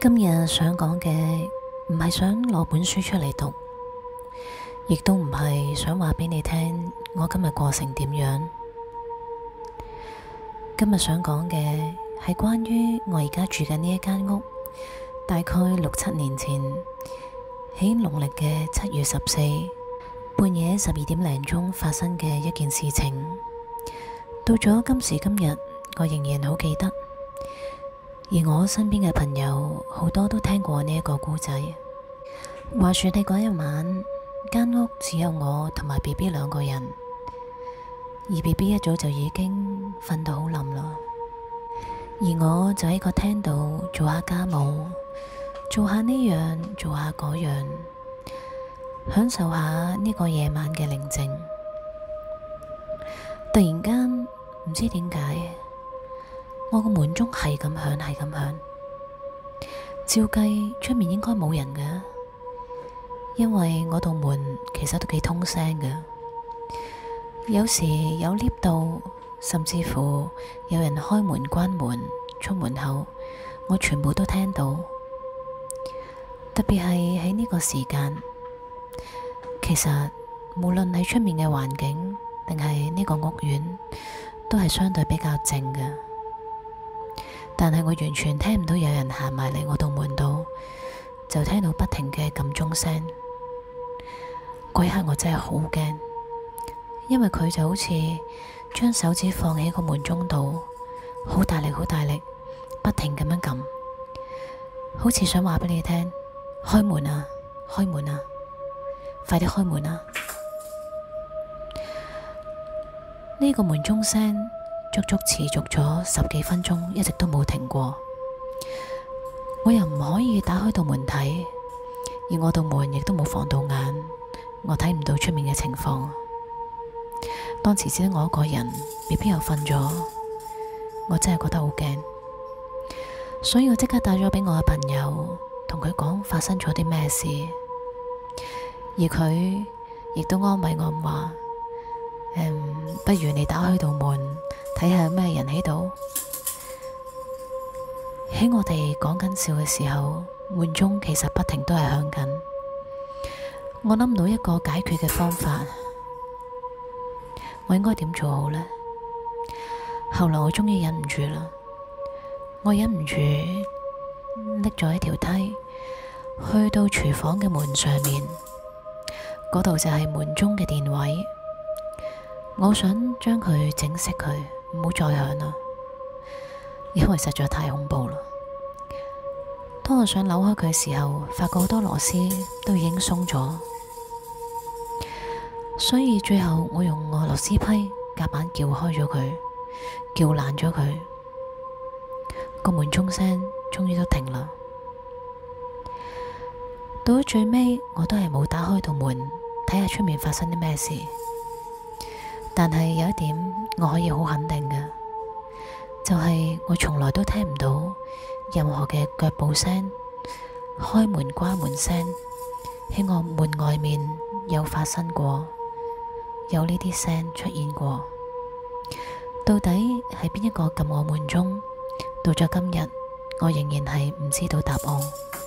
今日想講嘅唔係想攞本書出嚟讀，亦都唔係想話畀你聽我今日過成點樣。今日想講嘅係關於我而家住緊呢一間屋，大概六七年前，喺農曆嘅七月十四半夜十二點零鐘發生嘅一件事情，到咗今時今日，我仍然好記得。而我身邊嘅朋友好多都聽過呢一個故仔。話說，你嗰一晚間屋只有我同埋 BB 兩個人，而 BB 一早就已經瞓到好冧咯。而我就喺個廳度做下家務，做下呢樣，做下嗰樣，享受下呢個夜晚嘅寧靜。突然間，唔知點解。我個門鐘係咁響，係咁響。照計出面應該冇人嘅，因為我度門其實都幾通聲嘅。有時有 lift 到，甚至乎有人開門、關門、出門口，我全部都聽到。特別係喺呢個時間，其實無論喺出面嘅環境，定係呢個屋苑，都係相對比較靜嘅。但係我完全聽唔到有人行埋嚟我度門度，就聽到不停嘅撳鐘聲。嗰一刻我真係好驚，因為佢就好似將手指放喺個門鐘度，好大力好大力，不停咁樣撳，好似想話畀你聽：開門啊，開門啊，快啲開門啊！呢個門鐘聲，足足持續咗十幾分鐘，一直都冇停過。我又唔可以打開道門睇，而我道門亦都冇防盜眼，我睇唔到出面嘅情況。當時只得我一個人，BB 又瞓咗，我真係覺得好驚。所以我即刻打咗俾我嘅朋友，同佢講發生咗啲咩事，而佢亦都安慰我話：嗯，不如你打開道門。睇下有咩人喺度。喺我哋講緊笑嘅時候，門鐘其實不停都係響緊。我諗唔到一個解決嘅方法，我應該點做好呢？後來我終於忍唔住啦，我忍唔住，拎咗一條梯去到廚房嘅門上面，嗰度就係門鐘嘅電位，我想將佢整熄佢。唔好再響啦，因為實在太恐怖啦。當我想扭開佢嘅時候，發覺好多螺絲都已經鬆咗，所以最後我用我螺絲批夾板撬開咗佢，撬爛咗佢，個門鐘聲終於都停啦。到咗最尾，我都係冇打開道門，睇下出面發生啲咩事。但係有一點我可以好肯定嘅，就係、是、我從來都聽唔到任何嘅腳步聲、開門關門聲喺我門外面有發生過，有呢啲聲出現過，到底係邊一個撳我門鐘？到咗今日，我仍然係唔知道答案。